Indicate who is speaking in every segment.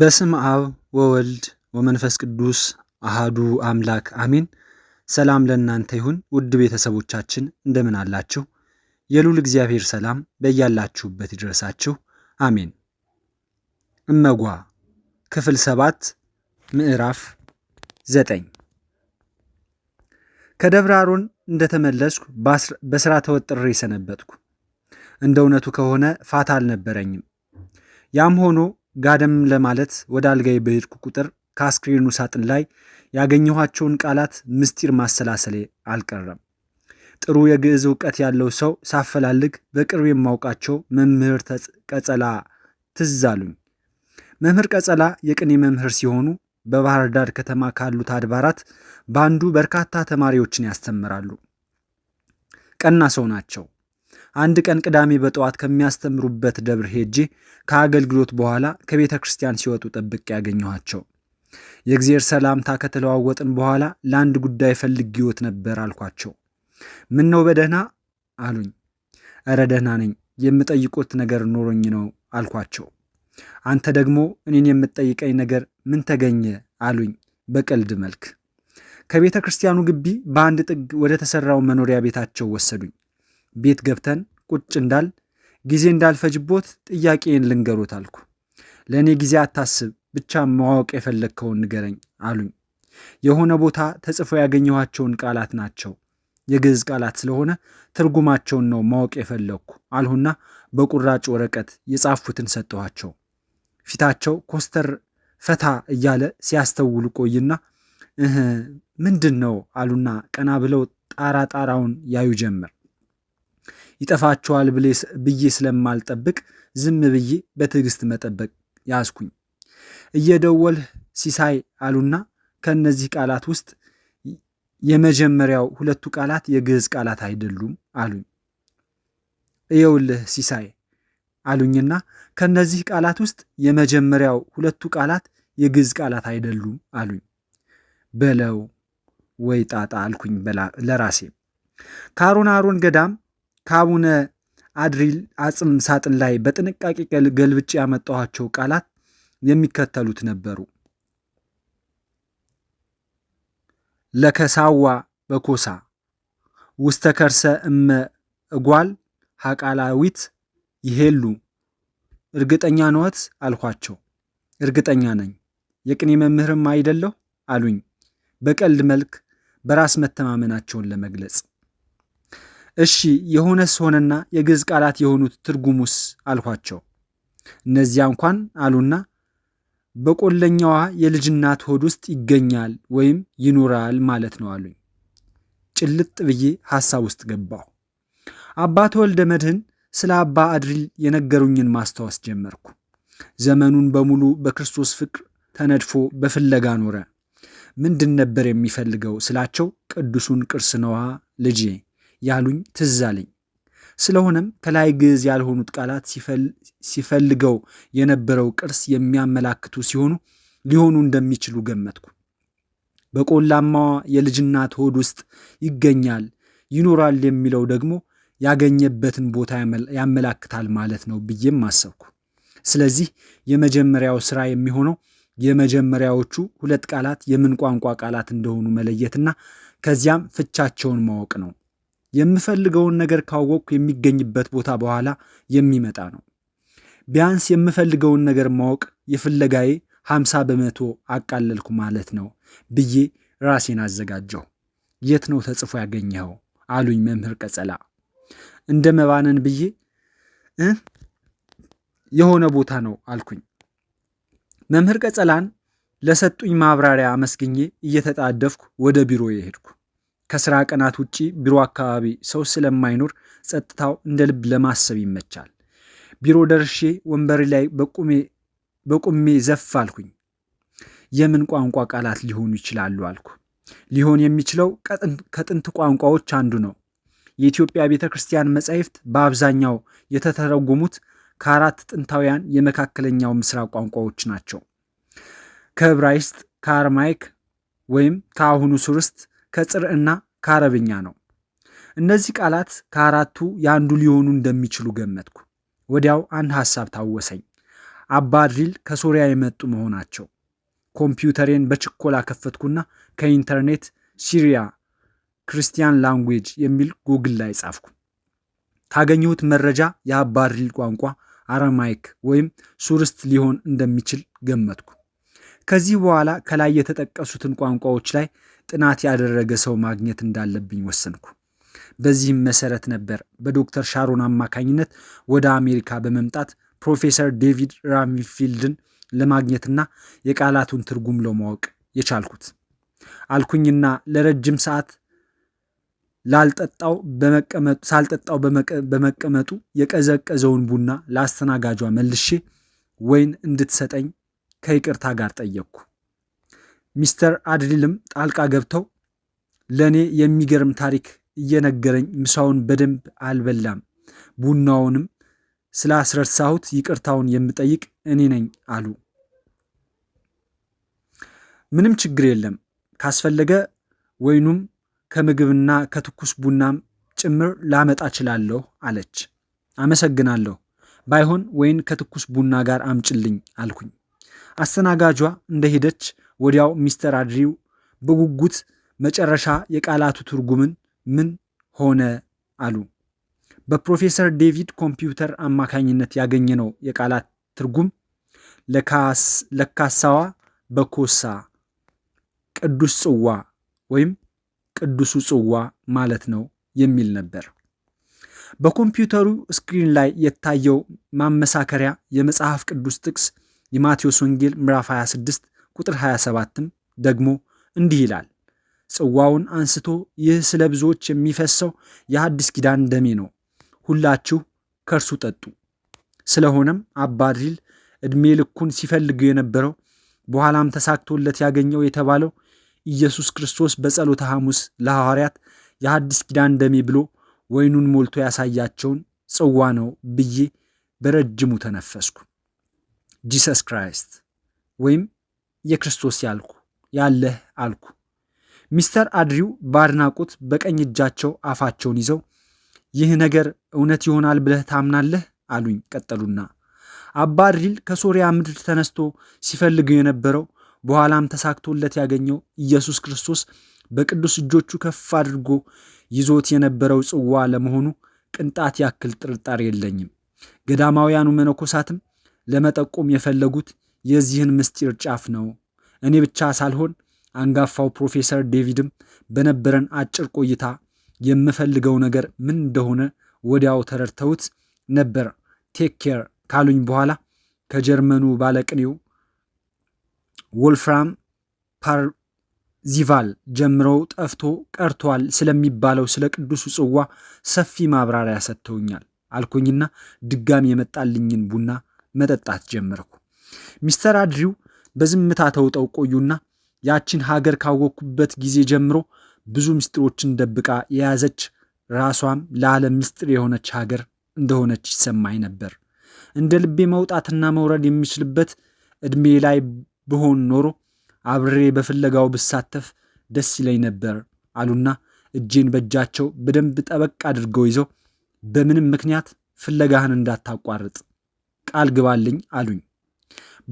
Speaker 1: በስም አብ ወወልድ ወመንፈስ ቅዱስ አሃዱ አምላክ አሜን። ሰላም ለእናንተ ይሁን ውድ ቤተሰቦቻችን እንደምን አላችሁ? የሉል እግዚአብሔር ሰላም በያላችሁበት ይድረሳችሁ አሜን። እመጓ ክፍል ሰባት ምዕራፍ ዘጠኝ ከደብረ አሮን እንደተመለስኩ በስራ ተወጥሬ ሰነበትኩ። እንደ እውነቱ ከሆነ ፋታ አልነበረኝም። ያም ሆኖ ጋደም ለማለት ወደ አልጋዬ በሄድኩ ቁጥር ከአስክሬኑ ሳጥን ላይ ያገኘኋቸውን ቃላት ምስጢር ማሰላሰሌ አልቀረም። ጥሩ የግዕዝ እውቀት ያለው ሰው ሳፈላልግ በቅርብ የማውቃቸው መምህር ቀጸላ ትዝ አሉኝ። መምህር ቀጸላ የቅኔ መምህር ሲሆኑ በባህር ዳር ከተማ ካሉት አድባራት በአንዱ በርካታ ተማሪዎችን ያስተምራሉ። ቀና ሰው ናቸው። አንድ ቀን ቅዳሜ በጠዋት ከሚያስተምሩበት ደብር ሄጄ ከአገልግሎት በኋላ ከቤተ ክርስቲያን ሲወጡ ጠብቄ ያገኘኋቸው። የእግዚአብሔር ሰላምታ ከተለዋወጥን በኋላ ለአንድ ጉዳይ ፈልጌዎት ነበር አልኳቸው። ምን ነው በደህና አሉኝ። እረ ደህና ነኝ፣ የምጠይቁት ነገር ኖሮኝ ነው አልኳቸው። አንተ ደግሞ እኔን የምትጠይቀኝ ነገር ምን ተገኘ አሉኝ በቀልድ መልክ። ከቤተ ክርስቲያኑ ግቢ በአንድ ጥግ ወደ ተሠራው መኖሪያ ቤታቸው ወሰዱኝ። ቤት ገብተን ቁጭ እንዳል ጊዜ እንዳልፈጅቦት ጥያቄን ልንገሩት አልኩ። ለእኔ ጊዜ አታስብ፣ ብቻ ማወቅ የፈለግከውን ንገረኝ አሉኝ። የሆነ ቦታ ተጽፎ ያገኘኋቸውን ቃላት ናቸው። የግዕዝ ቃላት ስለሆነ ትርጉማቸውን ነው ማወቅ የፈለግኩ አልሁና በቁራጭ ወረቀት የጻፉትን ሰጠኋቸው። ፊታቸው ኮስተር ፈታ እያለ ሲያስተውሉ ቆይና እህ ምንድን ነው አሉና ቀና ብለው ጣራ ጣራውን ያዩ ጀመር። ይጠፋቸዋል ብዬ ስለማልጠብቅ ዝም ብዬ በትዕግስት መጠበቅ ያዝኩኝ። እየደወልህ ሲሳይ አሉና ከእነዚህ ቃላት ውስጥ የመጀመሪያው ሁለቱ ቃላት የግዕዝ ቃላት አይደሉም አሉኝ። እየውልህ ሲሳይ አሉኝና ከእነዚህ ቃላት ውስጥ የመጀመሪያው ሁለቱ ቃላት የግዕዝ ቃላት አይደሉም አሉኝ። በለው ወይ ጣጣ አልኩኝ ለራሴ። ከአሮን አሮን ገዳም ከአቡነ አድሪል አጽም ሳጥን ላይ በጥንቃቄ ገልብጭ ያመጣኋቸው ቃላት የሚከተሉት ነበሩ። ለከሳዋ በኮሳ ውስተ ከርሰ እመ እጓል ሀቃላዊት ይሄሉ እርግጠኛ ነዎት አልኳቸው። እርግጠኛ ነኝ የቅኔ መምህርም አይደለሁ አሉኝ፣ በቀልድ መልክ በራስ መተማመናቸውን ለመግለጽ እሺ የሆነስ ሆነና የግዕዝ ቃላት የሆኑት ትርጉሙስ አልኋቸው። እነዚያ እንኳን አሉና በቆለኛዋ የልጅናት ሆድ ውስጥ ይገኛል ወይም ይኖራል ማለት ነው አሉኝ። ጭልጥ ብዬ ሐሳብ ውስጥ ገባሁ። አባተ ወልደ መድህን ስለ አባ አድሪል የነገሩኝን ማስታወስ ጀመርኩ። ዘመኑን በሙሉ በክርስቶስ ፍቅር ተነድፎ በፍለጋ ኖረ። ምንድን ነበር የሚፈልገው ስላቸው፣ ቅዱሱን ቅርስ ነዋ ልጄ ያሉኝ ትዝ አለኝ። ስለሆነም ከላይ ግዕዝ ያልሆኑት ቃላት ሲፈልገው የነበረው ቅርስ የሚያመላክቱ ሲሆኑ ሊሆኑ እንደሚችሉ ገመትኩ። በቆላማዋ የልጅናት ሆድ ውስጥ ይገኛል ይኖራል የሚለው ደግሞ ያገኘበትን ቦታ ያመላክታል ማለት ነው ብዬም አሰብኩ። ስለዚህ የመጀመሪያው ስራ የሚሆነው የመጀመሪያዎቹ ሁለት ቃላት የምን ቋንቋ ቃላት እንደሆኑ መለየትና ከዚያም ፍቻቸውን ማወቅ ነው። የምፈልገውን ነገር ካወቅኩ የሚገኝበት ቦታ በኋላ የሚመጣ ነው። ቢያንስ የምፈልገውን ነገር ማወቅ የፍለጋዬ 50 በመቶ አቃለልኩ ማለት ነው ብዬ ራሴን አዘጋጀሁ። የት ነው ተጽፎ ያገኘኸው አሉኝ መምህር ቀጸላ። እንደ መባነን ብዬ የሆነ ቦታ ነው አልኩኝ። መምህር ቀጸላን ለሰጡኝ ማብራሪያ አመስግኜ እየተጣደፍኩ ወደ ቢሮ የሄድኩ ከስራ ቀናት ውጪ ቢሮ አካባቢ ሰው ስለማይኖር ጸጥታው እንደ ልብ ለማሰብ ይመቻል። ቢሮ ደርሼ ወንበሬ ላይ በቁሜ ዘፍ አልኩኝ። የምን ቋንቋ ቃላት ሊሆኑ ይችላሉ አልኩ። ሊሆን የሚችለው ከጥንት ቋንቋዎች አንዱ ነው። የኢትዮጵያ ቤተ ክርስቲያን መጻሕፍት በአብዛኛው የተተረጎሙት ከአራት ጥንታውያን የመካከለኛው ምስራቅ ቋንቋዎች ናቸው። ከዕብራይስጥ፣ ከአርማይክ ወይም ከአሁኑ ሱርስት ከጽር እና ከአረብኛ ነው። እነዚህ ቃላት ከአራቱ የአንዱ ሊሆኑ እንደሚችሉ ገመትኩ። ወዲያው አንድ ሐሳብ ታወሰኝ። አባድሪል ከሶሪያ የመጡ መሆናቸው። ኮምፒውተሬን በችኮላ ከፈትኩና ከኢንተርኔት ሲሪያ ክርስቲያን ላንጉዌጅ የሚል ጉግል ላይ ጻፍኩ። ካገኘሁት መረጃ የአባድሪል ቋንቋ አረማይክ ወይም ሱርስት ሊሆን እንደሚችል ገመትኩ። ከዚህ በኋላ ከላይ የተጠቀሱትን ቋንቋዎች ላይ ጥናት ያደረገ ሰው ማግኘት እንዳለብኝ ወሰንኩ። በዚህም መሰረት ነበር በዶክተር ሻሮን አማካኝነት ወደ አሜሪካ በመምጣት ፕሮፌሰር ዴቪድ ራሚፊልድን ለማግኘትና የቃላቱን ትርጉም ለማወቅ የቻልኩት አልኩኝና ለረጅም ሰዓት ሳልጠጣው በመቀመጡ የቀዘቀዘውን ቡና ለአስተናጋጇ መልሼ ወይን እንድትሰጠኝ ከይቅርታ ጋር ጠየቅኩ። ሚስተር አድሊልም ጣልቃ ገብተው ለእኔ የሚገርም ታሪክ እየነገረኝ ምሳውን በደንብ አልበላም፣ ቡናውንም ስላስረሳሁት ይቅርታውን የምጠይቅ እኔ ነኝ አሉ። ምንም ችግር የለም ካስፈለገ ወይኑም ከምግብና ከትኩስ ቡናም ጭምር ላመጣ እችላለሁ አለች። አመሰግናለሁ፣ ባይሆን ወይን ከትኩስ ቡና ጋር አምጭልኝ አልኩኝ። አስተናጋጇ እንደሄደች። ወዲያው ሚስተር አድሪው በጉጉት መጨረሻ የቃላቱ ትርጉምን ምን ሆነ አሉ። በፕሮፌሰር ዴቪድ ኮምፒውተር አማካኝነት ያገኘነው የቃላት ትርጉም ለካሳዋ በኮሳ ቅዱስ ጽዋ ወይም ቅዱሱ ጽዋ ማለት ነው የሚል ነበር። በኮምፒውተሩ ስክሪን ላይ የታየው ማመሳከሪያ የመጽሐፍ ቅዱስ ጥቅስ የማቴዎስ ወንጌል ምዕራፍ 26 ቁጥር 27ም ደግሞ እንዲህ ይላል፣ ጽዋውን አንስቶ ይህ ስለ ብዙዎች የሚፈሰው የአዲስ ኪዳን ደሜ ነው፣ ሁላችሁ ከእርሱ ጠጡ። ስለሆነም አባድሪል ዕድሜ ልኩን ሲፈልግ የነበረው በኋላም ተሳክቶለት ያገኘው የተባለው ኢየሱስ ክርስቶስ በጸሎተ ሐሙስ ለሐዋርያት የአዲስ ኪዳን ደሜ ብሎ ወይኑን ሞልቶ ያሳያቸውን ጽዋ ነው ብዬ በረጅሙ ተነፈስኩ። ጂሰስ ክራይስት ወይም የክርስቶስ ያልኩ ያለህ አልኩ። ሚስተር አድሪው በአድናቆት በቀኝ እጃቸው አፋቸውን ይዘው ይህ ነገር እውነት ይሆናል ብለህ ታምናለህ አሉኝ። ቀጠሉና አባ አድሪል ከሶሪያ ምድር ተነስቶ ሲፈልገው የነበረው በኋላም ተሳክቶለት ያገኘው ኢየሱስ ክርስቶስ በቅዱስ እጆቹ ከፍ አድርጎ ይዞት የነበረው ጽዋ ለመሆኑ ቅንጣት ያክል ጥርጣሬ የለኝም። ገዳማውያኑ መነኮሳትም ለመጠቆም የፈለጉት የዚህን ምስጢር ጫፍ ነው። እኔ ብቻ ሳልሆን አንጋፋው ፕሮፌሰር ዴቪድም በነበረን አጭር ቆይታ የምፈልገው ነገር ምን እንደሆነ ወዲያው ተረድተውት ነበር። ቴክ ኬር ካሉኝ በኋላ ከጀርመኑ ባለቅኔው ወልፍራም ፓርዚቫል ጀምረው ጠፍቶ ቀርቷል ስለሚባለው ስለ ቅዱሱ ጽዋ ሰፊ ማብራሪያ ሰጥተውኛል አልኩኝና ድጋሚ የመጣልኝን ቡና መጠጣት ጀመርኩ። ሚስተር አድሪው በዝምታ ተውጠው ቆዩና ያችን ሀገር ካወቅኩበት ጊዜ ጀምሮ ብዙ ምስጢሮችን ደብቃ የያዘች ራሷም ለዓለም ምስጢር የሆነች ሀገር እንደሆነች ይሰማኝ ነበር። እንደ ልቤ መውጣትና መውረድ የሚችልበት እድሜ ላይ ብሆን ኖሮ አብሬ በፍለጋው ብሳተፍ ደስ ይለኝ ነበር አሉና እጄን በእጃቸው በደንብ ጠበቅ አድርገው ይዘው በምንም ምክንያት ፍለጋህን እንዳታቋርጥ ቃል ግባልኝ አሉኝ።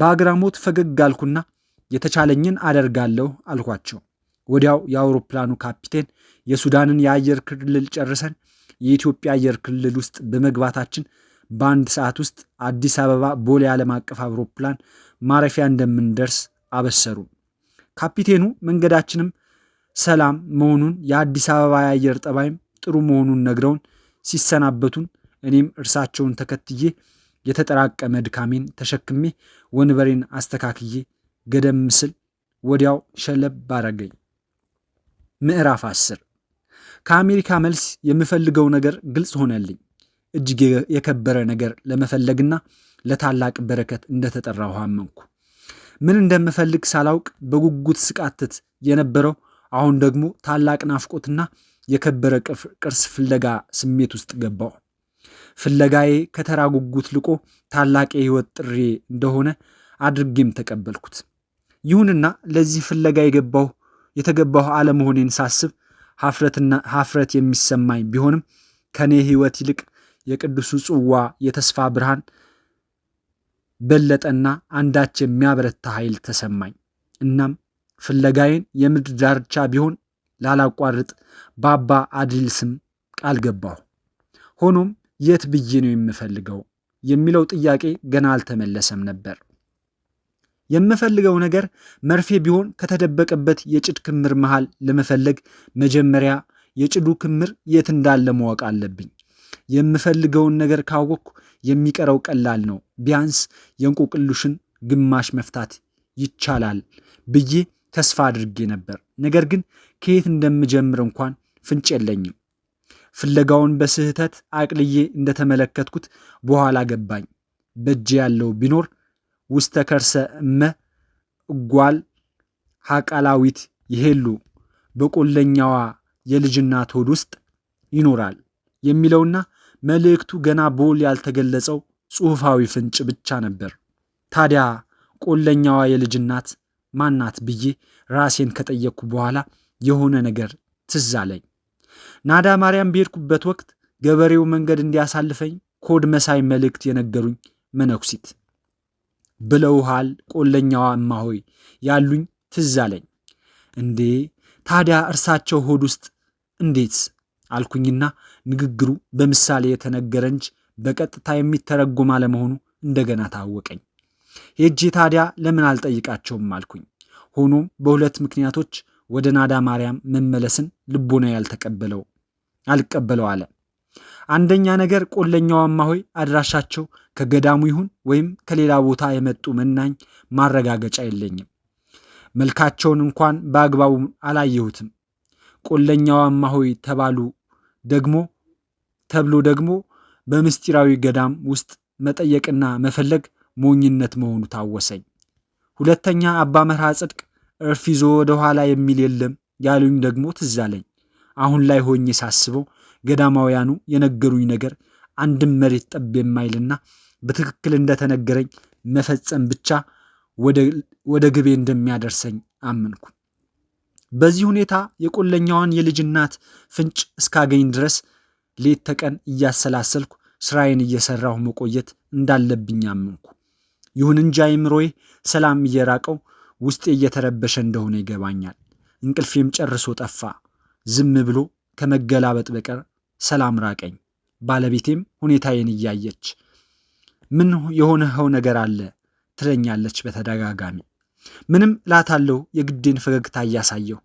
Speaker 1: በአግራሞት ፈገግ አልኩና የተቻለኝን አደርጋለሁ አልኳቸው። ወዲያው የአውሮፕላኑ ካፒቴን የሱዳንን የአየር ክልል ጨርሰን የኢትዮጵያ አየር ክልል ውስጥ በመግባታችን በአንድ ሰዓት ውስጥ አዲስ አበባ ቦሌ ዓለም አቀፍ አውሮፕላን ማረፊያ እንደምንደርስ አበሰሩ። ካፒቴኑ መንገዳችንም ሰላም መሆኑን የአዲስ አበባ የአየር ጠባይም ጥሩ መሆኑን ነግረውን ሲሰናበቱን እኔም እርሳቸውን ተከትዬ የተጠራቀመ ድካሜን ተሸክሜ ወንበሬን አስተካክዬ ገደም ስል ወዲያው ሸለብ ባረገኝ። ምዕራፍ አስር ከአሜሪካ መልስ የምፈልገው ነገር ግልጽ ሆነልኝ። እጅግ የከበረ ነገር ለመፈለግና ለታላቅ በረከት እንደተጠራሁ አመንኩ። ምን እንደምፈልግ ሳላውቅ በጉጉት ስቃትት የነበረው አሁን ደግሞ ታላቅ ናፍቆትና የከበረ ቅርስ ፍለጋ ስሜት ውስጥ ገባው። ፍለጋዬ ከተራ ጉጉት ልቆ ታላቅ የህይወት ጥሪ እንደሆነ አድርጌም ተቀበልኩት። ይሁንና ለዚህ ፍለጋ የገባሁ የተገባሁ አለመሆኔን ሳስብ ሀፍረትና ሀፍረት የሚሰማኝ ቢሆንም ከእኔ ህይወት ይልቅ የቅዱሱ ጽዋ የተስፋ ብርሃን በለጠና አንዳች የሚያበረታ ኃይል ተሰማኝ። እናም ፍለጋዬን የምድር ዳርቻ ቢሆን ላላቋርጥ በአባ አድሊል ስም ቃል ገባሁ። ሆኖም የት ብዬ ነው የምፈልገው የሚለው ጥያቄ ገና አልተመለሰም ነበር። የምፈልገው ነገር መርፌ ቢሆን ከተደበቀበት የጭድ ክምር መሃል ለመፈለግ መጀመሪያ የጭዱ ክምር የት እንዳለ ማወቅ አለብኝ። የምፈልገውን ነገር ካወቅኩ የሚቀረው ቀላል ነው። ቢያንስ የእንቆቅልሹን ግማሽ መፍታት ይቻላል ብዬ ተስፋ አድርጌ ነበር። ነገር ግን ከየት እንደምጀምር እንኳን ፍንጭ የለኝም። ፍለጋውን በስህተት አቅልዬ እንደተመለከትኩት በኋላ ገባኝ። በእጅ ያለው ቢኖር ውስተ ከርሰ እመ እጓል ሐቃላዊት ይሄሉ በቆለኛዋ የልጅናት ሆድ ውስጥ ይኖራል የሚለውና መልእክቱ ገና በውል ያልተገለጸው ጽሑፋዊ ፍንጭ ብቻ ነበር። ታዲያ ቆለኛዋ የልጅናት ማናት ብዬ ራሴን ከጠየቅኩ በኋላ የሆነ ነገር ትዝ አለኝ። ናዳ ማርያም በሄድኩበት ወቅት ገበሬው መንገድ እንዲያሳልፈኝ ኮድ መሳይ መልእክት የነገሩኝ መነኩሲት ብለውሃል ቆለኛዋ እማሆይ ያሉኝ ትዝ አለኝ። እንዴ ታዲያ እርሳቸው ሆድ ውስጥ እንዴት አልኩኝና ንግግሩ በምሳሌ የተነገረ እንጂ በቀጥታ የሚተረጎም አለመሆኑ እንደገና ታወቀኝ። ሄጄ ታዲያ ለምን አልጠይቃቸውም አልኩኝ። ሆኖም በሁለት ምክንያቶች ወደ ናዳ ማርያም መመለስን ልቦና ያልተቀበለው አልቀበለው አለ። አንደኛ ነገር ቆለኛው አማሆይ አድራሻቸው ከገዳሙ ይሁን ወይም ከሌላ ቦታ የመጡ መናኝ ማረጋገጫ የለኝም። መልካቸውን እንኳን በአግባቡ አላየሁትም። ቆለኛው አማሆይ ተባሉ ደግሞ ተብሎ ደግሞ በምስጢራዊ ገዳም ውስጥ መጠየቅና መፈለግ ሞኝነት መሆኑ ታወሰኝ። ሁለተኛ አባ መርሃ ጽድቅ እርፍ ይዞ ወደ ኋላ የሚል የለም ያሉኝ ደግሞ ትዝ አለኝ። አሁን ላይ ሆኜ ሳስበው ገዳማውያኑ የነገሩኝ ነገር አንድም መሬት ጠብ የማይልና በትክክል እንደተነገረኝ መፈጸም ብቻ ወደ ግቤ እንደሚያደርሰኝ አመንኩ። በዚህ ሁኔታ የቆለኛዋን የልጅ እናት ፍንጭ እስካገኝ ድረስ ሌት ተቀን እያሰላሰልኩ ስራዬን እየሰራሁ መቆየት እንዳለብኝ አመንኩ። ይሁን እንጂ አይምሮዬ ሰላም እየራቀው ውስጤ እየተረበሸ እንደሆነ ይገባኛል። እንቅልፌም ጨርሶ ጠፋ። ዝም ብሎ ከመገላበጥ በቀር ሰላም ራቀኝ። ባለቤቴም ሁኔታዬን እያየች ምን የሆነኸው ነገር አለ ትለኛለች በተደጋጋሚ። ምንም እላታለሁ የግዴን ፈገግታ እያሳየሁ።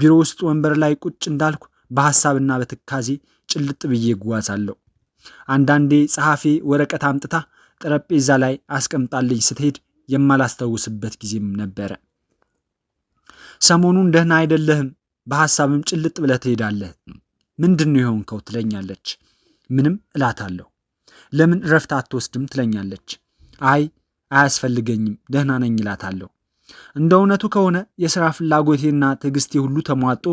Speaker 1: ቢሮ ውስጥ ወንበር ላይ ቁጭ እንዳልኩ በሐሳብና በትካዜ ጭልጥ ብዬ እጓዛለሁ። አንዳንዴ ጸሐፊ ወረቀት አምጥታ ጠረጴዛ ላይ አስቀምጣልኝ ስትሄድ የማላስታውስበት ጊዜም ነበረ። ሰሞኑን ደህና አይደለህም በሐሳብም ጭልጥ ብለህ ትሄዳለህ። ምንድን ነው የሆንከው ትለኛለች። ምንም እላታለሁ። ለምን እረፍት አትወስድም ትለኛለች። አይ አያስፈልገኝም ደህና ነኝ እላታለሁ። እንደ እውነቱ ከሆነ የሥራ ፍላጎቴና ትዕግስቴ ሁሉ ተሟጦ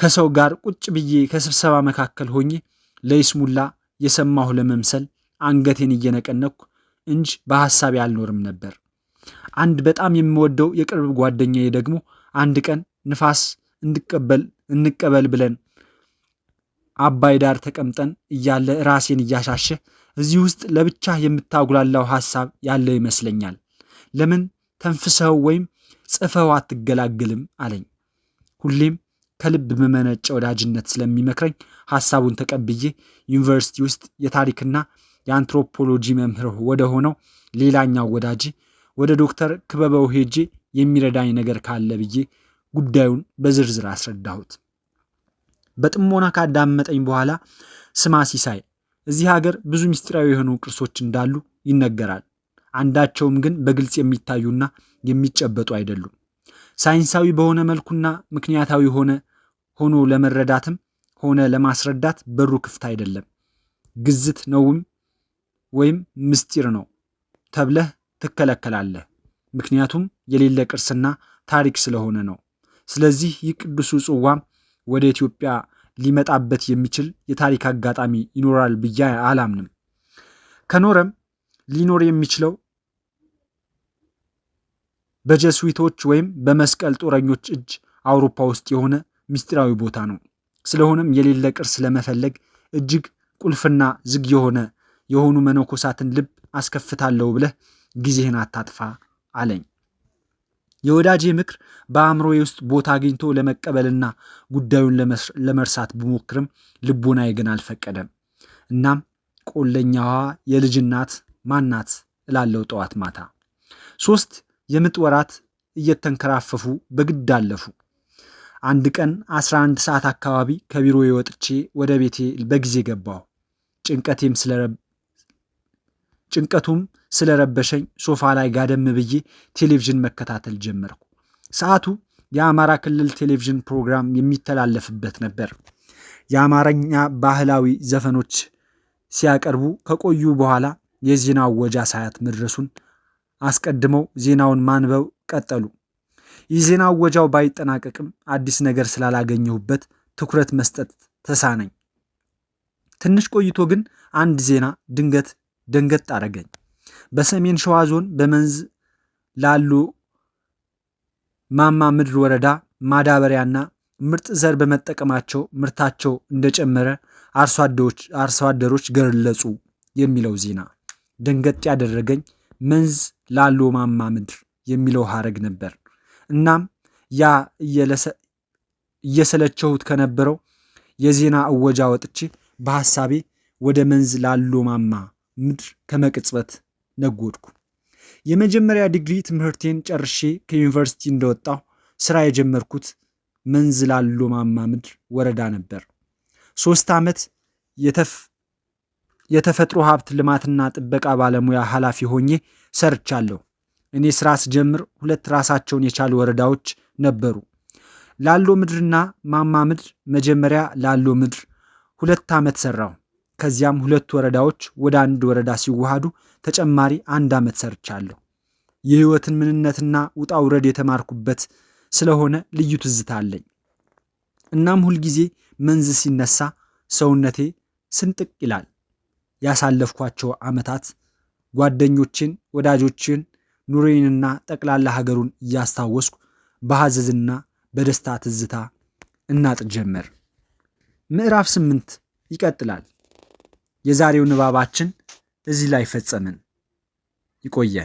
Speaker 1: ከሰው ጋር ቁጭ ብዬ ከስብሰባ መካከል ሆኜ ለይስሙላ የሰማሁ ለመምሰል አንገቴን እየነቀነኩ እንጂ በሐሳቤ አልኖርም ነበር። አንድ በጣም የምወደው የቅርብ ጓደኛዬ ደግሞ አንድ ቀን ንፋስ እንድቀበል እንቀበል ብለን አባይ ዳር ተቀምጠን እያለ ራሴን እያሻሸህ እዚህ ውስጥ ለብቻ የምታጉላላው ሐሳብ ያለ ይመስለኛል። ለምን ተንፍሰው ወይም ጽፈው አትገላግልም አለኝ። ሁሌም ከልብ በመነጨ ወዳጅነት ስለሚመክረኝ ሐሳቡን ተቀብዬ ዩኒቨርሲቲ ውስጥ የታሪክና የአንትሮፖሎጂ መምህር ወደ ሆነው ሌላኛው ወዳጅ ወደ ዶክተር ክበበው ሄጄ የሚረዳኝ ነገር ካለ ብዬ ጉዳዩን በዝርዝር አስረዳሁት። በጥሞና ካዳመጠኝ በኋላ ስማ ሲሳይ፣ እዚህ ሀገር ብዙ ምስጢራዊ የሆኑ ቅርሶች እንዳሉ ይነገራል። አንዳቸውም ግን በግልጽ የሚታዩና የሚጨበጡ አይደሉም። ሳይንሳዊ በሆነ መልኩና ምክንያታዊ ሆነ ሆኖ ለመረዳትም ሆነ ለማስረዳት በሩ ክፍት አይደለም። ግዝት ነውም ወይም ምስጢር ነው ተብለህ ትከለከላለህ። ምክንያቱም የሌለ ቅርስና ታሪክ ስለሆነ ነው። ስለዚህ ይህ ቅዱሱ ጽዋ ወደ ኢትዮጵያ ሊመጣበት የሚችል የታሪክ አጋጣሚ ይኖራል ብዬ አላምንም። ከኖረም ሊኖር የሚችለው በጀስዊቶች ወይም በመስቀል ጦረኞች እጅ አውሮፓ ውስጥ የሆነ ምስጢራዊ ቦታ ነው። ስለሆነም የሌለ ቅርስ ለመፈለግ እጅግ ቁልፍና ዝግ የሆነ የሆኑ መነኮሳትን ልብ አስከፍታለሁ ብለህ ጊዜህን አታጥፋ አለኝ። የወዳጄ ምክር በአእምሮዬ ውስጥ ቦታ አግኝቶ ለመቀበልና ጉዳዩን ለመርሳት ብሞክርም ልቦናዬ ግን አልፈቀደም። እናም ቆለኛዋ የልጅ እናት ማናት እላለው ጠዋት ማታ። ሶስት የምጥ ወራት እየተንከራፈፉ በግድ አለፉ። አንድ ቀን 11 ሰዓት አካባቢ ከቢሮ ወጥቼ ወደ ቤቴ በጊዜ ገባሁ። ጭንቀቴም ጭንቀቱም ስለረበሸኝ ሶፋ ላይ ጋደም ብዬ ቴሌቪዥን መከታተል ጀመርኩ። ሰዓቱ የአማራ ክልል ቴሌቪዥን ፕሮግራም የሚተላለፍበት ነበር። የአማርኛ ባህላዊ ዘፈኖች ሲያቀርቡ ከቆዩ በኋላ የዜና ወጃ ሰዓት መድረሱን አስቀድመው ዜናውን ማንበብ ቀጠሉ። የዜና ወጃው ባይጠናቀቅም አዲስ ነገር ስላላገኘሁበት ትኩረት መስጠት ተሳነኝ። ትንሽ ቆይቶ ግን አንድ ዜና ድንገት ደንገጥ አረገኝ። በሰሜን ሸዋ ዞን በመንዝ ላሉ ማማ ምድር ወረዳ ማዳበሪያና ምርጥ ዘር በመጠቀማቸው ምርታቸው እንደጨመረ አርሶ አደሮች ገለጹ የሚለው ዜና ደንገጥ ያደረገኝ መንዝ ላሉ ማማ ምድር የሚለው ሀረግ ነበር። እናም ያ እየሰለቸሁት ከነበረው የዜና እወጃ ወጥቼ በሐሳቤ ወደ መንዝ ላሉ ማማ ምድር ከመቅጽበት ነጎድኩ። የመጀመሪያ ዲግሪ ትምህርቴን ጨርሼ ከዩኒቨርሲቲ እንደወጣሁ ስራ የጀመርኩት መንዝ ላሎ ማማ ምድር ወረዳ ነበር። ሶስት ዓመት የተፈጥሮ ሀብት ልማትና ጥበቃ ባለሙያ ኃላፊ ሆኜ ሰርቻለሁ። እኔ ስራ ስጀምር ሁለት ራሳቸውን የቻሉ ወረዳዎች ነበሩ፣ ላሎ ምድርና ማማ ምድር። መጀመሪያ ላሎ ምድር ሁለት ዓመት ሰራሁ። ከዚያም ሁለት ወረዳዎች ወደ አንድ ወረዳ ሲዋሃዱ ተጨማሪ አንድ ዓመት ሰርቻለሁ። የሕይወትን ምንነትና ውጣ ውረድ የተማርኩበት ስለሆነ ልዩ ትዝታ አለኝ። እናም ሁልጊዜ መንዝ ሲነሳ ሰውነቴ ስንጥቅ ይላል። ያሳለፍኳቸው ዓመታት ጓደኞችን፣ ወዳጆችን፣ ኑሬንና ጠቅላላ ሀገሩን እያስታወስኩ በሐዘዝና በደስታ ትዝታ እናጥ ጀመር። ምዕራፍ ስምንት ይቀጥላል። የዛሬው ንባባችን እዚህ ላይ ፈጸምን። ይቆያል።